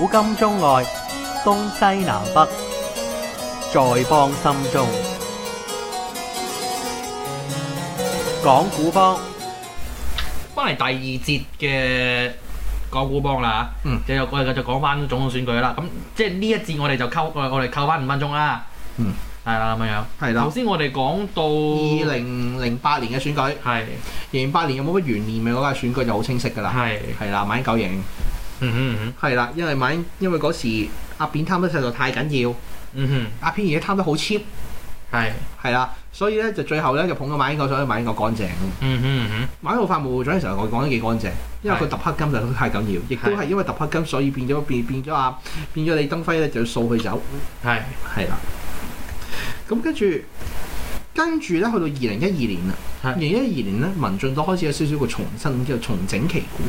古今中外，東西南北，在邦心中。講故邦，翻嚟第二節嘅講故邦啦嚇。嗯，繼續，繼續講翻總統選舉啦。咁即係呢一節我哋就溝，我我哋溝翻五分鐘啦。嗯，係啦咁樣。係啦。頭先我哋講到二零零八年嘅選舉。係。二零零八年有冇乜懸念？咪嗰屆選舉就好清晰㗎啦。係。係啦，馬英九贏。嗯嗯嗯哼，係啦，因為買因為嗰時阿扁貪得實在太緊要，嗯哼，阿扁而家貪得好 cheap，係係啦，所以咧就最後咧就捧咗馬英九所以馬英九乾淨，嗯嗯嗯馬英九法務部長嘅時候我講得幾乾淨，因為佢揼黑金就太緊要是，亦都係因為揼黑金所以變咗變變咗啊變咗李登輝咧就掃佢走，係係啦，咁跟住跟住咧去到二零一二年啦，二零一二年咧民進都開始有少少個重新叫重整旗鼓。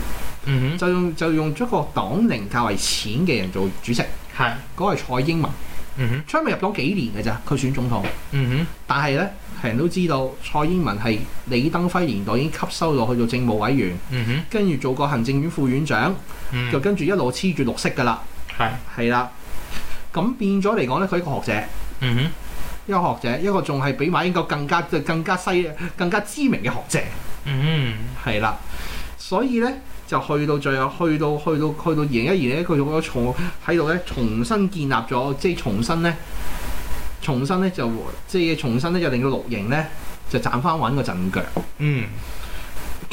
Mm -hmm. 就用就用咗個黨齡較為淺嘅人做主席，係嗰位蔡英文。嗯哼，蔡英文入黨幾年嘅咋？佢選總統。嗯、mm、哼 -hmm.，但係咧，人人都知道蔡英文係李登輝年代已經吸收落去做政務委員。嗯哼，跟住做過行政院副院長，mm -hmm. 就跟住一路黐住綠色㗎啦。係係啦，咁變咗嚟講咧，佢一個學者。嗯、mm、哼 -hmm.，一個學者，一個仲係比馬英九更加更加犀利更加知名嘅學者。嗯，係啦，所以咧。就去到最後，去到去到去到二零一二咧，佢仲有重喺度咧，重新建立咗，即係重新咧，重新咧就即係重新咧就令到綠營咧就站翻穩個陣腳。嗯，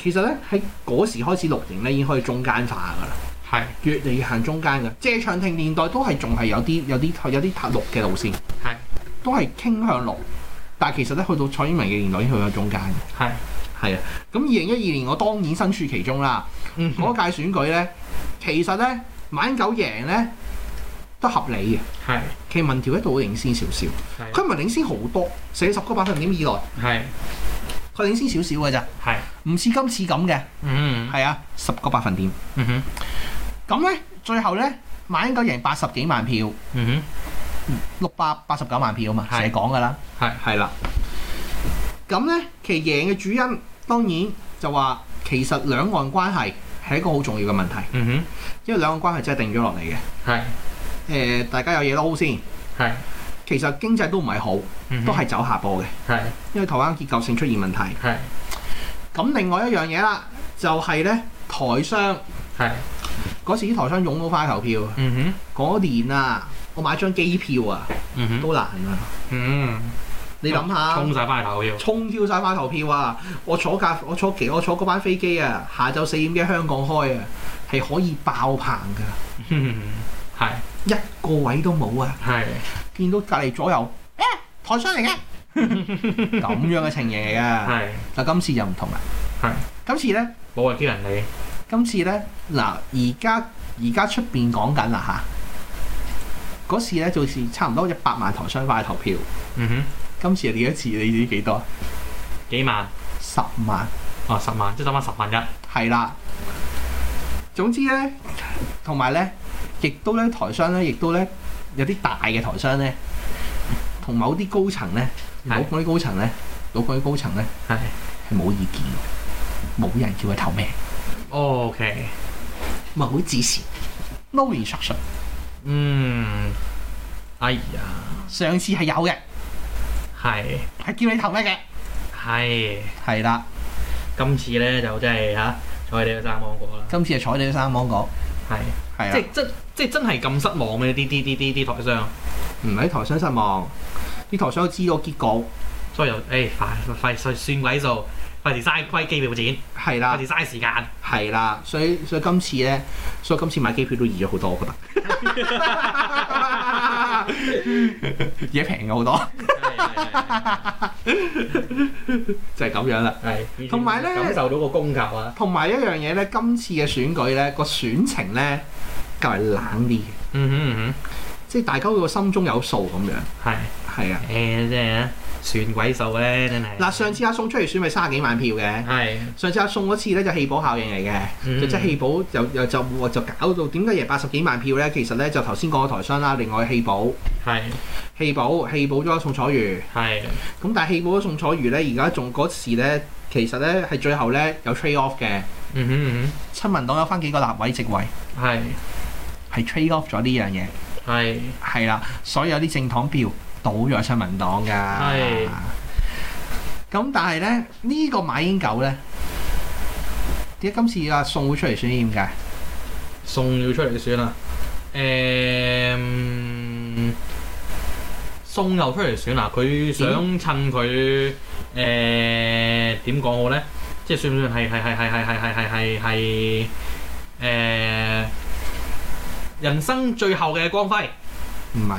其實咧喺嗰時開始綠營咧已經可以中間化噶啦，係越嚟越行中間，即謝長廷年代都係仲係有啲有啲有啲落嘅路線，係都係傾向綠。但其實咧去到蔡英文嘅年代已經去咗中間嘅，係。係啊，咁二零一二年我當然身處其中啦。嗰、嗯、一、那個、屆選舉咧，其實咧馬英九贏咧都合理嘅。係，其實民調一度會領先少少，佢唔係領先好多，四十個百分點以來。係，佢領先少少嘅咋，係，唔似今次咁嘅。嗯、嗯，係啊，十個百分點。嗯哼，咁咧最後咧馬英九贏八十幾萬票。嗯哼，六百八,八十九萬票啊嘛，成日講噶啦。係，係啦。是咁咧，其贏嘅主因當然就話，其實兩岸關係係一個好重要嘅問題。嗯哼，因為兩岸關係真係定咗落嚟嘅。係，誒、呃，大家有嘢撈先。係，其實經濟都唔係好，嗯、都係走下坡嘅。係，因為台灣結構性出現問題。係。咁另外一樣嘢啦，就係咧台商係嗰時啲台商擁好快投票。嗯哼，嗰年啊，我買一張機票啊，嗯哼，都難啊。嗯。你諗下，充晒翻投票，充超晒翻投票啊！我坐架，我坐期，我坐嗰班飛機啊。下晝四點幾香港開啊，係可以爆棚噶，係 一個位都冇啊。係見到隔離左右，誒、啊、台商嚟嘅咁樣嘅情形嚟、啊、㗎。係 嗱，今次就唔同啦。係今次咧冇話啲人嚟，今次咧嗱，而家而家出邊講緊啦吓！嗰、啊、次咧，就是差唔多一百萬台商翻去投票，嗯哼。今次係幾一次？你知幾多？幾萬、十萬哦，十萬即係得翻十萬一係啦。總之咧，同埋咧，亦都咧，台商咧，亦都咧，有啲大嘅台商咧，同某啲高層咧，某啲高層咧，老鬼高層咧，係係冇意見，冇人叫佢投咩？OK. 咁啊，冇指示。No discussion。嗯，哎呀，上次係有嘅。係係叫你投咩嘅？係係啦，今次咧就真係吓，啊、坐你個生芒果啦！今次係坐你個生芒果，係係即係真即係真係咁失望嘅啲啲啲啲啲台商，唔係台商失望，啲台商都知咗結局，所以又誒，快費費算鬼數，費時嘥虧機票錢，係啦，費時嘥時間，係啦，所以所以，所以今次咧，所以今次買機票都易咗好多，我覺得嘢平咗好多。就係咁樣啦，係同埋咧感受到個供求啊。同埋一樣嘢咧，今次嘅選舉咧，個選情咧較為冷啲嘅。嗯哼嗯哼，即係大家會個心中有數咁樣，係係啊，誒即係咧。算鬼數咧，真係嗱！上次阿、啊、宋出嚟選咪卅幾萬票嘅，係上次阿宋嗰次咧就是、棄保效應嚟嘅、嗯，就即係棄保，又又就就搞到點解贏八十幾萬票咧？其實咧就頭先講台商啦，另外棄保，係棄保棄保咗宋楚瑜係，咁但係棄保咗宋楚瑜咧，而家仲嗰時咧，其實咧係最後咧有 trade off 嘅，嗯哼嗯哼，親民黨有翻幾個立委席位係係 trade off 咗呢樣嘢係係啦，所有啲政黨票。倒咗親民黨㗎，咁但係咧呢個馬英九咧，點解今次話送出嚟選嘅？點解送要出嚟選啦，誒，送又出嚟選啦，佢想趁佢誒點講好咧，即係算唔算係係係係係係係係係誒人生最後嘅光輝？唔係。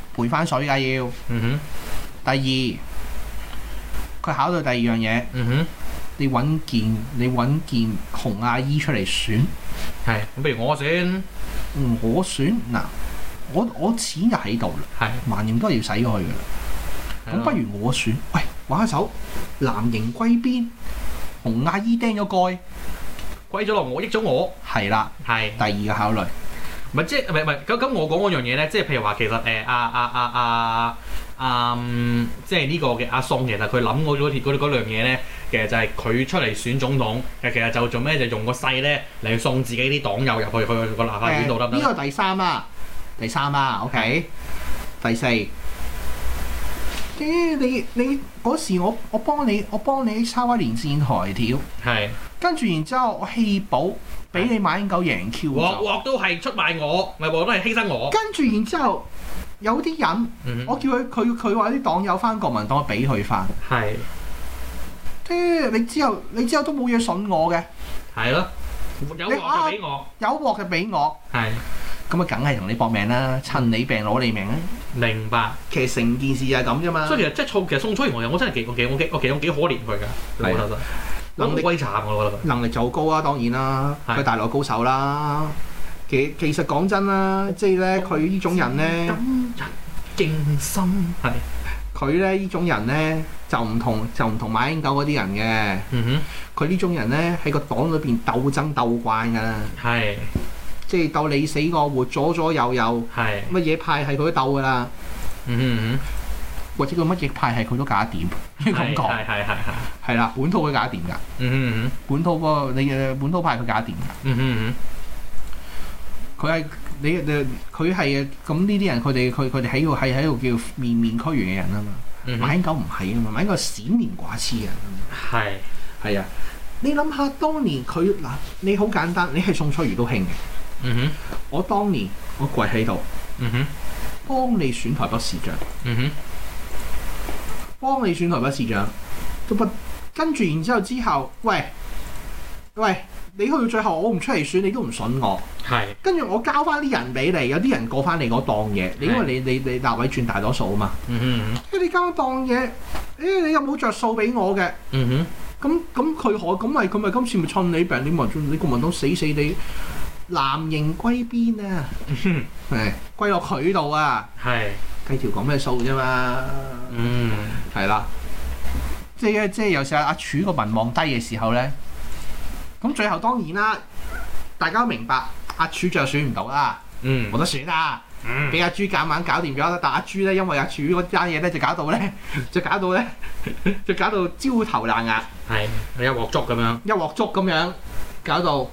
賠翻水噶要，第二，佢考到第二樣嘢，你揾件，你揾件紅阿姨出嚟選，係，咁不如我選，我選嗱，我我錢就喺度啦，萬年都要使去噶，咁不如我選，喂，玩一手藍營龜邊，紅阿姨釘咗蓋，龜咗落我益咗我，係啦，係，第二個考慮。唔係即係唔係唔係咁咁，我講嗰樣嘢咧，即係譬如話，其實誒阿阿阿阿嗯，即係、這、呢個嘅阿宋其實佢諗嗰嗰條嗰嘢咧，其實就係佢出嚟選總統，其實就做咩就是、用個勢咧嚟送自己啲黨友入去去個立法院度得唔得？嗯、行行呢、呢個第三啦、啊，第三啦、啊、OK，第四。誒你你嗰時我我幫你我幫你抄一連線台條，係跟住然之後我棄保。俾你馬英九贏 Q 嘅，鑊鑊都係出賣我，咪鑊都係犧牲我。跟住然之後,然後有啲人、嗯，我叫佢，佢佢話啲黨友翻國民黨俾佢翻。係，你之後你之後都冇嘢信我嘅。係咯，有鑊就俾我，有鑊就俾我。係，咁啊梗係同你搏命啦，趁你病攞你命啊！明白，其實成件事就係咁啫嘛。所以其實即係錯，其實宋楚瑜我我真係幾幾我幾幾幾可憐佢噶，講老能力我覺得我能力、啊，能力就高啊，當然啦、啊，佢大內高手啦、啊。其其實講真啦，即係咧，佢呢種人咧，今日競心係佢咧呢種人咧，就唔同就唔同馬英九嗰啲人嘅。嗯、哼，佢呢種人咧喺個黨裏邊鬥爭鬥慣噶啦，係即係鬥你死我活，左左右右，係乜嘢派係佢都鬥噶啦。嗯哼，嗯哼。或者個乜極派係佢都假點，要咁講係係係係係啦。本土佢假點㗎，嗯嗯嗯。本土你嘅本土派佢假點，嗯嗯嗯。佢係你誒佢係嘅，咁呢啲人，佢哋佢佢哋喺度喺喺度叫面面俱圓嘅人啊嘛、嗯。馬英九唔係啊嘛，馬英九係閃面寡痴啊。係係啊。你諗下，當年佢嗱，你好簡單，你係宋楚瑜都興嘅。嗯哼，我當年我跪喺度，嗯哼，幫你選台北市長，嗯哼。幫你選台北市長，都不跟住，然之後之後，喂喂，你去到最後，我唔出嚟選，你都唔信我。係。跟住我交翻啲人俾你，有啲人過翻你嗰檔嘢。你因為你你你立委轉大多數啊嘛。嗯哼嗯。咁你交翻檔嘢，誒、哎、你又冇着數俾我嘅。嗯哼。咁咁佢可咁咪佢咪今次咪趁你病，你問做你共民黨死死地藍營歸邊啊？係、嗯哎。歸落佢度啊。係。睇條講咩數啫嘛，嗯，係啦，即係即係有時候阿柱個民望低嘅時候咧，咁最後當然啦，大家都明白阿柱就選唔到啦，嗯，冇得選啦，俾阿朱夾硬搞掂咗啦，但阿朱咧因為阿柱單嘢咧就搞到咧，就搞到咧，就搞到焦頭爛額，係一鑊粥咁樣，一鑊粥咁樣搞到。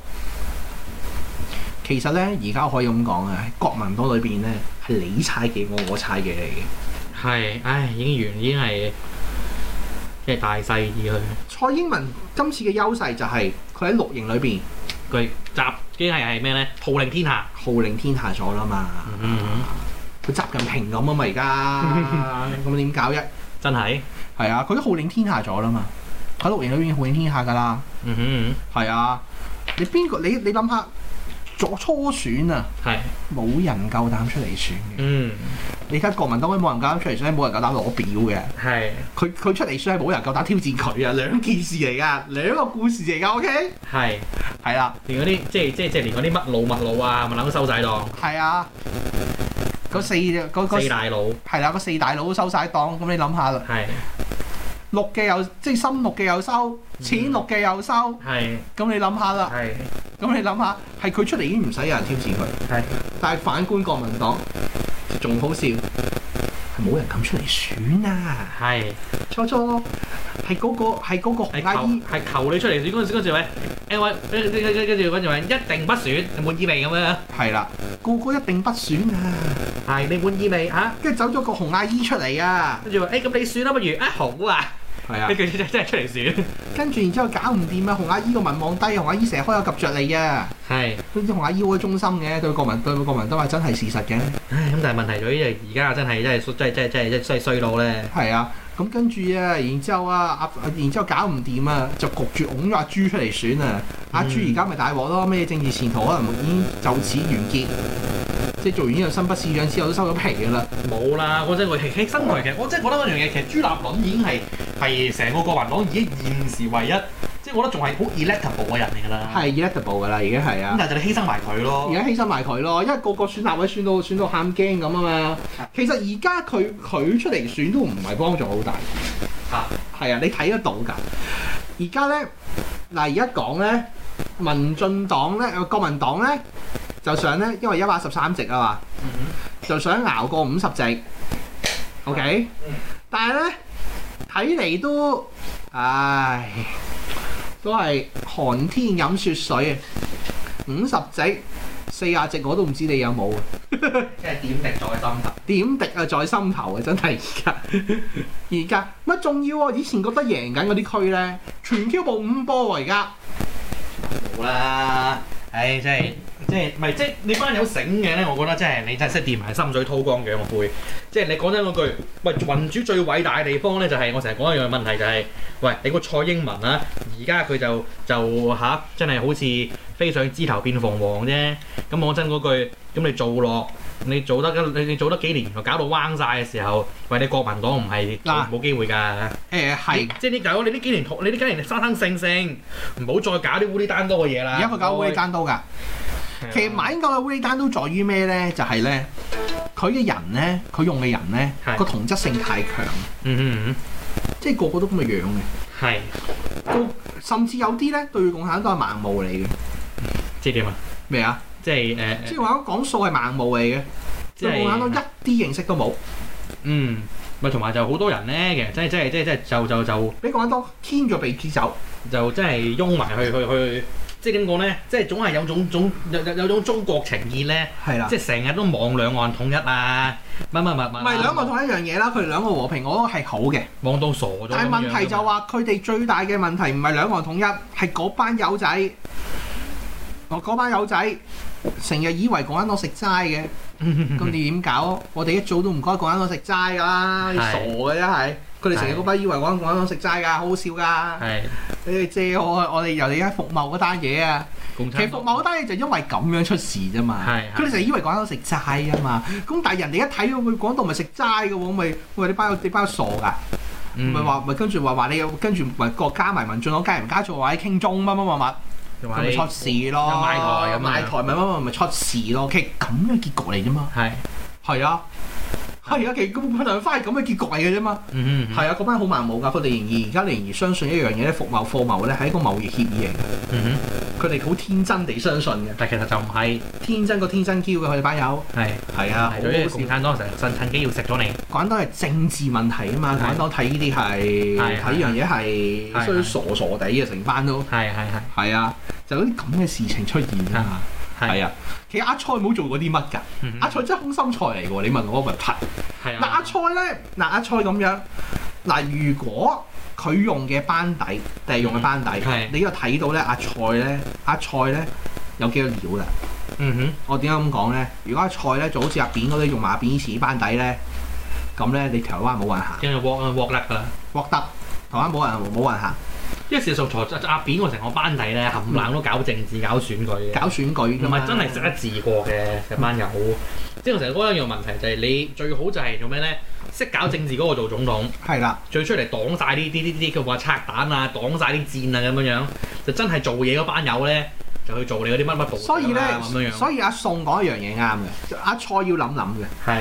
其實咧，而家可以咁講啊，國民黨裏邊咧係你猜忌，我我猜忌嚟嘅。係，唉，已經完，已經係即係大勢已去。蔡英文今次嘅優勢就係佢喺綠營裏邊佢習，即係係咩咧？號令天下，號令天下咗啦嘛。佢、嗯、習、嗯嗯、近平咁啊嘛。而家咁點搞啫？真係係啊？佢都號令天下咗啦嘛。喺綠營裏邊號令天下噶啦。嗯哼、嗯嗯，係啊。你邊個？你你諗下？做初選啊，係冇人夠膽出嚟選嘅。嗯，你而家國民黨都冇人夠膽出嚟選，冇人夠膽攞表嘅。係，佢佢出嚟選係冇人夠膽挑戰佢啊，兩件事嚟㗎，兩個故事嚟㗎。O、okay? K。係係啦，連嗰啲即係即係即係連嗰啲乜路乜路啊，咪諗收晒檔。係啊，嗰四嗰四,四大佬係啦，嗰、啊、四大佬都收晒檔。咁你諗下啦。係。綠嘅又即係深綠嘅又收，淺綠嘅又收，係咁你諗下啦，係咁你諗下，係佢出嚟已經唔使有人挑戰佢，係，但係反觀國民黨仲好笑，係冇人敢出嚟選啊，係錯錯，係嗰個係嗰個紅阿姨係求你出嚟選嗰陣時嗰陣時話，L Y，跟跟跟跟住嗰陣時話一定不選，你滿意未咁樣？係啦，個個一定不選啊，係你滿意未嚇？跟住走咗個紅阿姨出嚟啊，跟住話誒咁你選啦，不如啊好啊。係啊，跟住真真係出嚟選，跟住然之後搞唔掂啊！洪阿姨個民望低啊，洪阿姨成日開口及着你啊，係，所以洪阿姨好忠心嘅對國民對個民都係真係事實嘅。唉，咁但係問題就係而家真係真係真係真係真真衰衰老咧。係啊，咁跟住啊，然之後啊、嗯，阿然之後搞唔掂啊，就焗住拱咗阿朱出嚟選啊，阿朱而家咪大鑊咯，咩政治前途可能已經就此完結。即係做完呢個新北市長之後，都收咗皮㗎啦。冇啦，我真係犧牲佢嚟嘅。我真係覺得嗰樣嘢，其實朱立倫已經係係成個國民黨已經現時唯一，即係我覺得仲係好 electable 嘅人嚟㗎啦。係 electable 噶啦，已經係啊。咁但係就你犧牲埋佢咯。而家犧牲埋佢咯，因為個個選立委選到選到喊驚咁啊嘛。其實而家佢佢出嚟選都唔係幫助好大嚇，係啊，啊，你睇得到㗎。而家咧嗱，而家講咧民進黨咧，國民黨咧。就想咧，因為一百十三席啊嘛，mm -hmm. 就想熬過五十席，OK、mm -hmm. 但。但係咧睇嚟都，唉，都係寒天飲雪水啊！五十席四廿席我都唔知你有冇啊！ 即係點滴在心頭，點滴啊在心頭啊！真係而家而家乜仲要啊？以前覺得贏緊嗰啲區咧，全 Q 部五波喎而家冇啦～唉，真係，即係，唔係，即係你班有醒嘅咧，我覺得真係你真係識掂埋心水韜光嘅，我會。即係你講真嗰句，喂，民主最偉大嘅地方咧，就係、是、我成日講一樣嘅問題，就係、是，喂，你個蔡英文啊，而家佢就就吓、啊，真係好似飛上枝頭變鳳凰啫。咁講真嗰句，咁你做落。你做得咁，你你做得幾年又搞到彎晒嘅時候，喂，你國民黨唔係冇機會㗎。誒、呃、係，即係你就講、你呢幾年，你呢幾年生生性性，唔好再搞啲烏哩單刀嘅嘢啦。而家佢搞烏哩單刀㗎，其實馬英九嘅烏哩單刀在於咩咧？就係、是、咧，佢嘅人咧，佢用嘅人咧，個同質性太強。嗯哼嗯哼，即係個個都咁嘅樣嘅。係，都甚至有啲咧對共產黨都係盲毛嚟嘅。即係點啊？咩啊？即係誒、呃，即係話講數係盲無嚟嘅，即係冇眼到一啲認識都冇。嗯，咪同埋就好多人咧嘅，即係即係即係即係就就就俾個人都牽咗鼻子走，就真係擁埋去去去，即係點講咧？即係總係有種有有種有有有中國情意咧，係啦，即係成日都望兩岸統一啊！乜乜乜乜，唔係兩岸統一一樣嘢啦。佢哋兩個和平我覺得係好嘅，望到傻咗。但係問題就話佢哋最大嘅問題唔係兩岸統一，係嗰班友仔，哦嗰班友仔。成日以為講緊我食齋嘅，咁 你點搞？我哋一早都唔該講緊我食齋噶啦，你傻嘅真係！佢哋成日嗰班以為講緊講緊我食齋㗎，好，好笑㗎。你哋、哎、借我，我哋由你而家服貿嗰單嘢啊。其實服貿嗰單嘢就是因為咁樣出事啫嘛。佢哋成日以為講緊我食齋啊嘛，咁但係人哋一睇到佢講到唔係食齋嘅喎，咪話你班你班傻㗎，唔係話唔係跟住話話你又跟住唔係家加埋民進黨加唔加做位傾中乜乜乜乜。咪出事咯，買台買台咪乜乜咪出事咯，其實咁嘅結局嚟啫嘛，係係啊。.係、哎嗯嗯、啊，家其根本就翻咁嘅結果嚟嘅啫嘛，係啊，嗰班好盲目噶，佢哋仍然，而家仍然相信一樣嘢咧，服貿貨，貨貿咧係一個貿易協議嚟嘅，佢哋好天真地相信嘅，但其實就唔係天真個天真 Q 嘅，佢哋班友，係係啊，有啲共產黨趁趁，趁機要食咗你，玩多係政治問題啊嘛，玩多睇呢啲係睇呢樣嘢係，所以、啊啊啊啊啊啊、傻傻地嘅成班都，係係係，係啊，啊，就嗰啲咁嘅事情出現是啊。係啊，其實阿蔡冇做過啲乜㗎，阿蔡真係空心菜嚟㗎喎。你問我、嗰個問題，嗱、啊、阿蔡咧，嗱、啊、阿蔡咁樣，嗱如果佢用嘅班底定係用嘅班底，底嗯、你又睇到咧阿蔡咧，阿蔡咧有幾多料㗎？嗯哼，我點解咁講咧？如果阿蔡咧就好似阿扁嗰啲用埋阿扁屎班底咧，咁咧你台灣冇運行，因為握啊握力㗎，握得台灣冇運冇運行。因為事實上，阿扁我成個班底咧，冚冷、啊、都搞政治、搞選舉嘅，搞選舉同埋真係識得治國嘅、嗯、班友。即係我成日講一樣的問題，就係你最好就係做咩咧？識搞政治嗰個做總統係啦，最出嚟擋晒呢啲啲啲，佢話拆彈啊，擋晒啲箭啊咁樣樣。就真係做嘢嗰班友咧，就去做你嗰啲乜乜部長啊咁樣樣。所以阿宋講一樣嘢啱嘅，阿蔡要諗諗嘅。係。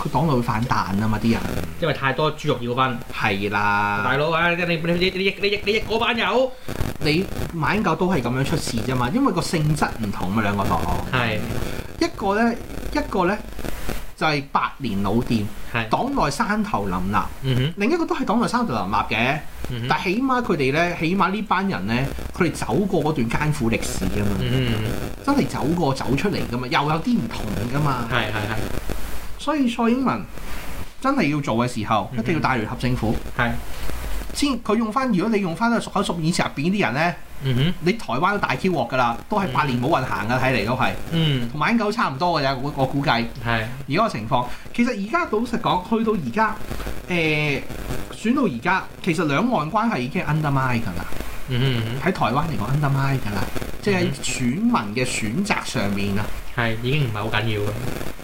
佢黨內會反彈啊嘛，啲人，因為太多豬肉要分。係啦，大佬啊，你你你你你你嗰班友，你馬英九都係咁樣出事啫嘛，因為個性質唔同啊嘛，兩個黨。係一個咧，一個咧就係、是、百年老店，黨內山頭林立。嗯、另一個都係黨內山頭林立嘅、嗯，但起碼佢哋咧，起碼這呢班人咧，佢哋走過嗰段艱苦歷史啊嘛、嗯，真係走過走出嚟噶嘛，又有啲唔同噶嘛。係係係。所以蔡英文真係要做嘅時候，一定要大聯合政府，嗯、先佢用翻。如果你用翻都熟口熟池面，以前入邊啲人咧，你台灣都大 Q 鑊㗎啦，都係八年冇運行嘅，睇嚟都係，同埋英九差唔多㗎咋？我我估計，而家個情況，其實而家老實講，去到而家，誒、呃、選到而家，其實兩岸關係已經 undermine 㗎啦，喺、嗯、台灣嚟講 undermine 㗎啦。即係喺選民嘅選擇上面啊，係已經唔係好緊要嘅。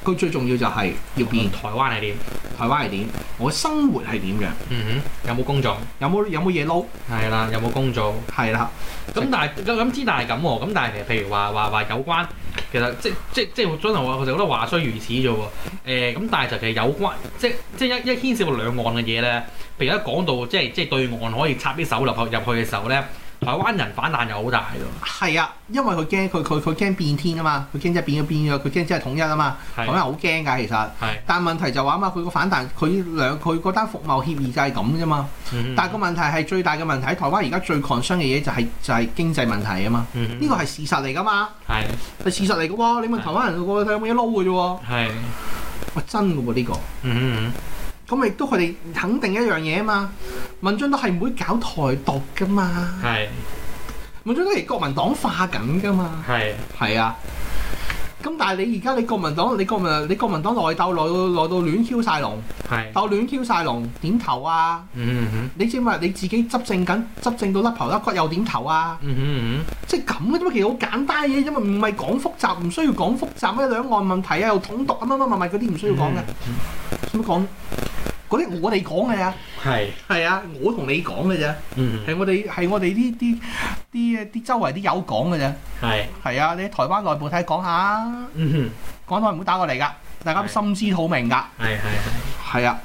佢最重要就係要變台灣係點，台灣係點，我生活係點樣。嗯哼，有冇工作？有冇有冇嘢撈？係啦，有冇工作？係啦。咁但係咁知，但係咁喎。咁但係其實譬如話話話有關，其實即即即真係我我哋覺得話雖如此啫喎。誒咁但係就其實有關，即即一一牽涉到兩岸嘅嘢咧，譬如一講到即即對岸可以插啲手入入去嘅時候咧。台灣人反彈又好大喎，係啊，因為佢驚佢佢佢驚變天啊嘛，佢驚即係變咗變咗，佢驚即係統一啊嘛，台灣人好驚㗎其實，但問題就話啊嘛，佢個反彈佢兩佢覺得服貿協議就係咁啫嘛，嗯、但係個問題係最大嘅問題，台灣而家最抗傷嘅嘢就係、是、就係、是、經濟問題啊嘛，呢個係事實嚟㗎嘛，係係事實嚟嘅喎，你問台灣人個睇有冇嘢撈㗎啫喎，係喂、啊、真嘅喎呢個。嗯。咁亦都佢哋肯定一樣嘢啊嘛。民進黨都係唔會搞台獨噶嘛。係民進黨都係國民黨化緊噶嘛。係係啊。咁但係你而家你國民黨，你國民你國民黨內鬥到到亂 Q 晒龍，鬥亂 Q 晒龍點投啊？嗯哼，你知唔知你自己執政緊執政到甩頭甩骨又點投啊？嗯哼，即係咁嘅啫嘛。其實好簡單嘅嘢，因為唔係講複雜，唔需要講複雜咩兩岸問題啊，又統獨啊，乜乜乜乜嗰啲唔需要講嘅，做乜講？嗰啲我哋講嘅呀，係係啊，我同你講嘅啫，係、嗯、我哋係我哋啲啲啲啲周圍啲友講嘅啫，係係啊，你喺台灣內部睇講下，嗯哼，講開唔好打過嚟㗎，大家心知肚明㗎，係係係，係啊，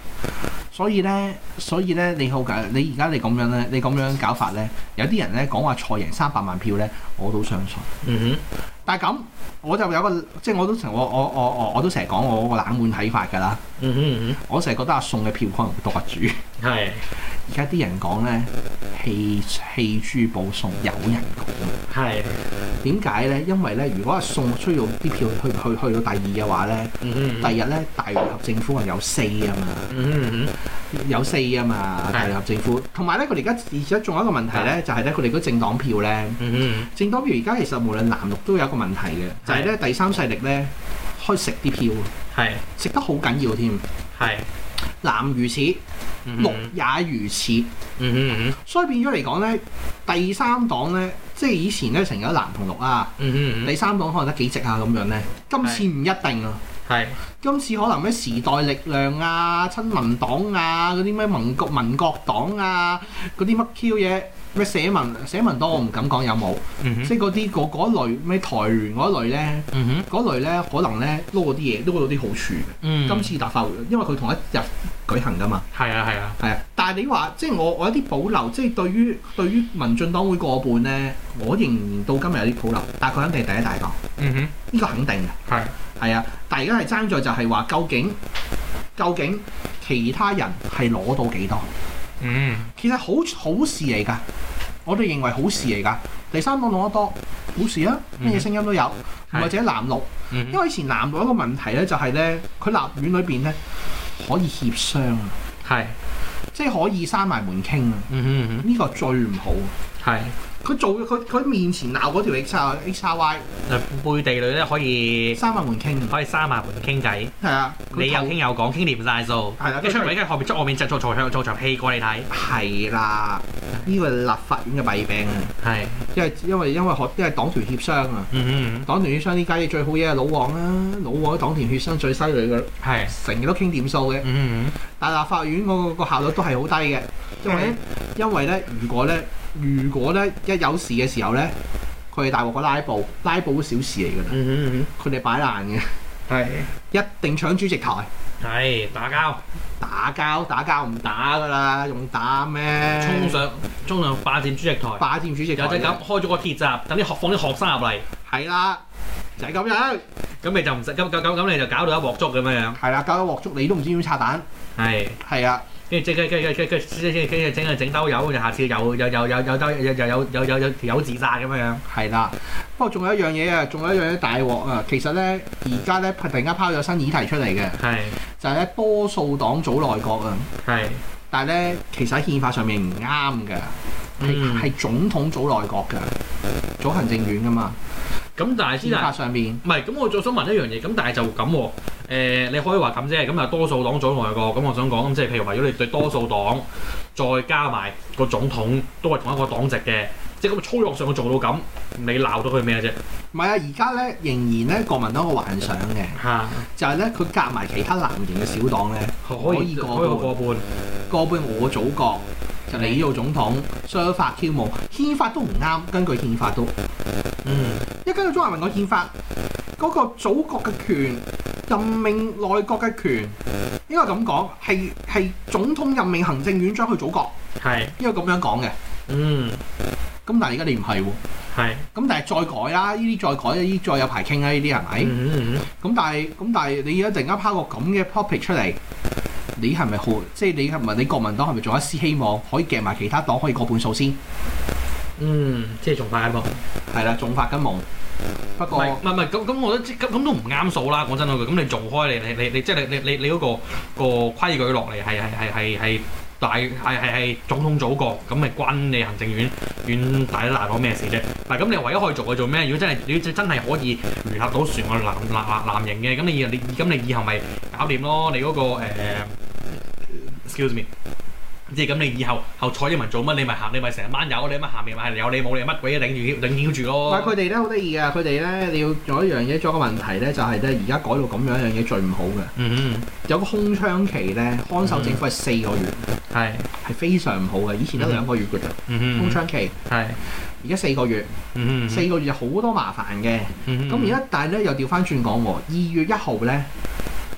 所以咧，所以咧，你好緊，你而家你咁樣咧，你咁樣搞法咧，有啲人咧講話蔡贏三百萬票咧，我都相信，嗯哼，但係咁。我就有個即係我都成我我我我我都成日講我嗰個冷門睇法㗎啦，嗯嗯。我成日覺得阿宋嘅票可能會多過主。係。而家啲人講咧，棄棄朱保宋，有人講。係點解咧？因為咧，如果係送出去用啲票去去去到第二嘅話咧，第二咧大聯合政府係有四啊嘛嗯嗯嗯，有四啊嘛，大聯合政府。同埋咧，佢哋而家而且仲有一個問題咧，就係、是、咧，佢哋嗰個政黨票咧，嗯，嗯政黨票而家其實無論藍綠都有一個問題嘅，就係、是、咧第三勢力咧，開食啲票，係食得好緊要添，係。藍如此，綠也如此，嗯嗯嗯、所以變咗嚟講咧，第三黨咧，即係以前咧，成咗藍同綠啊、嗯嗯，第三黨可能得幾席啊，咁樣咧，今次唔一定啊，係今次可能咩時代力量啊、親民黨啊，嗰啲咩民國民國黨啊，嗰啲乜 Q 嘢。咩寫文寫文黨，我唔敢講有冇、嗯，即係嗰啲嗰嗰類咩台聯嗰類咧，嗰、嗯、類咧可能咧攞到啲嘢，攞到啲好處嘅、嗯。今次特發會因為佢同一日舉行㗎嘛。係啊係啊係啊。但係你話即係我我有啲保留，即係對於對於民進黨會過半咧，我仍然到今日有啲保留。但佢肯定係第一大黨，呢、嗯呢個肯定嘅。係係啊，但係而家係爭在就係話究竟究竟其他人係攞到幾多？嗯，其實好好事嚟噶，我哋認為好事嚟噶。第三度弄得多好事啊，咩嘢聲音都有，嗯、或者藍綠。因為以前藍綠的一個問題咧、就是，就係咧，佢立院裏邊咧可以協商啊，係，即係可以閂埋門傾啊。嗯哼嗯呢、呢個最唔好係。佢做佢佢面前鬧嗰條 X X R Y，背地裏咧可以三啊門傾，可以三啊門傾偈。啊，你又傾又講，傾掂晒數。係啊，出嚟，跟住後面出外面，就面做，就做做向做場戲過你睇。係啦，呢個係立法院嘅弊病啊，係因為因為因為學因為黨團協商啊嗯，嗯嗯黨團協商呢家嘢最好嘢係老王啦、啊，老王黨團協商最犀利嘅，係成日都傾掂數嘅。嗯嗯，但立法院嗰個效率都係好低嘅，因為呢，因為咧，如果咧。如果咧一有事嘅時候咧，佢哋大鑊個拉布，拉布都小事嚟噶啦，佢、嗯、哋、嗯嗯、擺爛嘅，係一定搶主席台，係打交，打交打交唔打噶啦，用打咩？衝上衝上霸佔主席台，霸佔主席台，即再咁開咗個鐵閘，等啲學放啲學生入嚟，係啦，就係、是、咁樣，咁你就唔使咁咁咁，你就搞到一鑊粥咁樣樣，係啦，搞到鑊粥你都唔知點拆彈，係，係啊。即係 整係整，整兜油，就下次又又又又有兜又又有有又又又自殺咁樣樣。係啦，不過仲有一樣嘢啊，仲有一樣嘢大鑊啊。其實咧，而家咧突然間拋咗新議題出嚟嘅，係就係咧多數黨組內閣啊。係，但係咧其實喺憲法上面唔啱㗎，係係、嗯、總統組內閣㗎，組行政院㗎嘛。咁但係先上面，唔係咁我再想問一樣嘢。咁但係就咁喎，誒你可以話咁啫。咁啊多數黨組內個，咁我想講咁即係譬如話，如果你對多數黨再加埋個總統都係同一個黨籍嘅，即係咁操弄上做到咁，你鬧到佢咩啫？唔係啊，而家咧仍然咧，國民黨嘅幻想嘅，就係咧佢夾埋其他藍營嘅小黨咧，可以過，過，過，過，過半，過半我的祖國。就係、你呢做總統，雙法矲目，憲法都唔啱，根據憲法都，嗯，一根據中華民國憲法，嗰、嗰個組閣嘅權，任命內閣嘅權，應該咁講，係係總統任命行政院長去組閣，係，應該咁樣講嘅，嗯，咁但係而家你唔係喎，咁但係再改啦，呢啲再改，呢啲再有排傾啊，呢啲係咪？咁、嗯嗯、但係，咁但係，你而家一陣間拋個咁嘅 topic 出嚟？你係咪好？即係你係咪你國民黨係咪仲有一絲希望可以夾埋其他黨可以過半數先？嗯，即係仲快嘅噃，係啦，仲發緊夢。不過唔係唔係咁咁，我覺得即係咁咁都唔啱數啦。講真嗰句，咁你做開你你你你即係你你你你嗰個個規矩落嚟係係係係係。大係係係總統組閣，咁咪關你行政院院大拿大佬咩事啫？嗱，咁你唯一可以做嘅做咩？如果真係你真係可以聯合到船，我男男男男型嘅，咁你，你，你以後，你咁你以後咪搞掂咯？你嗰、個誒、呃、excuse me。即係咁，你以後後蔡英文做乜？你咪行，你咪成班有你咪行你咪有你冇你乜鬼嘢頂住，頂住咯。但係佢哋咧好得意嘅，佢哋咧你要做一樣嘢，做個問題咧就係、是、咧，而家改到咁樣一樣嘢最唔好嘅。嗯嗯，有個空窗期咧，看守政府係四個月。係、嗯、係非常唔好嘅，以前都兩個月嘅、嗯、空窗期係而家四個月。四、嗯、個月就好多麻煩嘅。咁而家但係，咧又調翻轉講喎，二月一號咧。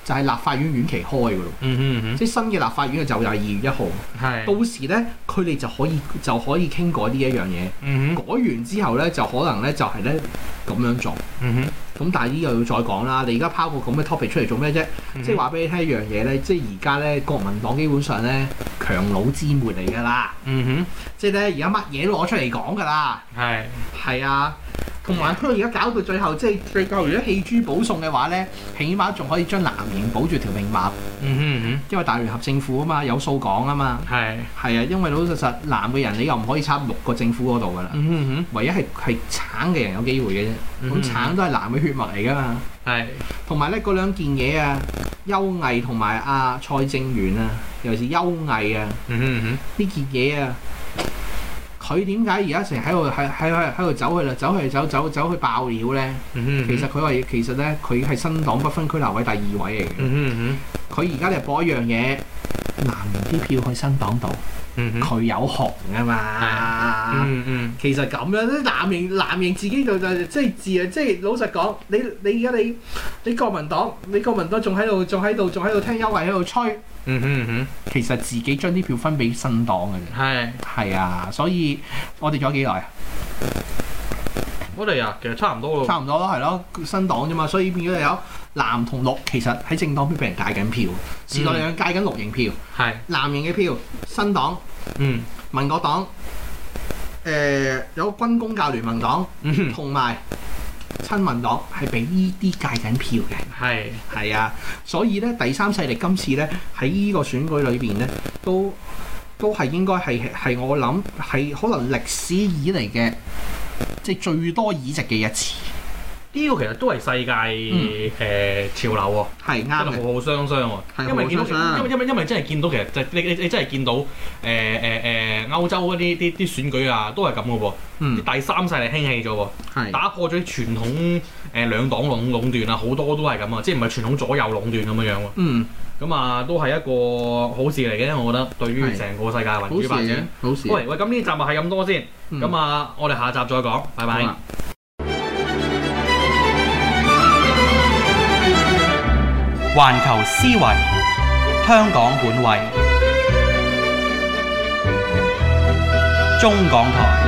就係、是、立法院延期開噶咯、嗯，即、嗯、係新嘅立法院就又係二月一號。到時咧，佢哋就可以就可以傾過呢一樣嘢、嗯。改完之後咧，就可能咧就係咧咁樣做。咁、嗯、但係呢個要再講啦。你而家拋個咁嘅 topic 出嚟做咩啫、嗯？即係話俾你聽一樣嘢咧，即係而家咧國民黨基本上咧強弩之末嚟㗎啦。即係咧而家乜嘢都攞出嚟講㗎啦。係係啊。同埋佢而家搞到最後，即係最教如果棄珠保送嘅話咧，起碼仲可以將藍營保住條命脈。嗯哼嗯哼，因為大聯合政府啊嘛，有數講啊嘛。係係啊，因為老老實實男嘅人你又唔可以插六個政府嗰度噶啦。唯一係係橙嘅人有機會嘅啫。咁、嗯、橙都係男嘅血脈嚟噶嘛。係。同埋咧嗰兩件嘢啊，邱毅同埋阿蔡正元啊，尤其是邱毅啊。呢、嗯嗯、件嘢啊。佢點解而家成日喺度喺喺喺度走去啦？走去走走走去爆料咧，嗯嗯。其實佢話：其實咧，佢係新黨不分區留位第二位嚟嘅。佢而家就播一樣嘢，南門啲票去新黨度。佢、嗯、有紅啊嘛嗯嗯，嗯，其實咁樣啲藍營藍營自己就是，就即係自啊，即、就、係、是、老實講，你你而家你你國民黨，你國民黨仲喺度仲喺度仲喺度聽優惠喺度吹，嗯哼嗯哼，其實自己將啲票分俾新黨嘅啫，係係啊，所以我哋咗幾耐啊？我哋啊，其實差唔多咯，差唔多咯，係咯，新黨啫嘛，所以變咗有藍同綠，其實喺政黨邊俾人戒緊票時代，兩戒緊綠營票，係、嗯、藍營嘅票，新黨，嗯，民國黨，誒、呃、有軍公教聯盟黨，同、嗯、埋親民黨係俾呢啲戒緊票嘅，係、嗯、係啊，所以咧第三勢力今次咧喺呢個選舉裏邊咧都都係應該係係我諗係可能歷史以嚟嘅。即係最多議席嘅一次。呢、這個其實都係世界、嗯呃、潮流喎、哦，係啱，互互相相喎、哦啊，因為見到，因為、啊、因為因為真係見到其實就你你你真係見到、呃呃呃、歐洲嗰啲啲啲選舉啊，都係咁嘅喎，啲、嗯、第三勢力興起咗喎、啊，打破咗啲傳統誒兩黨壟斷好、啊、多都係咁啊，即係唔係傳統左右壟斷咁樣樣喎、啊，嗯，咁啊都係一個好事嚟嘅，我覺得對於成個世界的民主發展、啊，好事、啊。好事、啊、喂，咁呢集咪係咁多先，咁、嗯、啊，我哋下集再講、嗯，拜拜。環球思維，香港本位，中港台。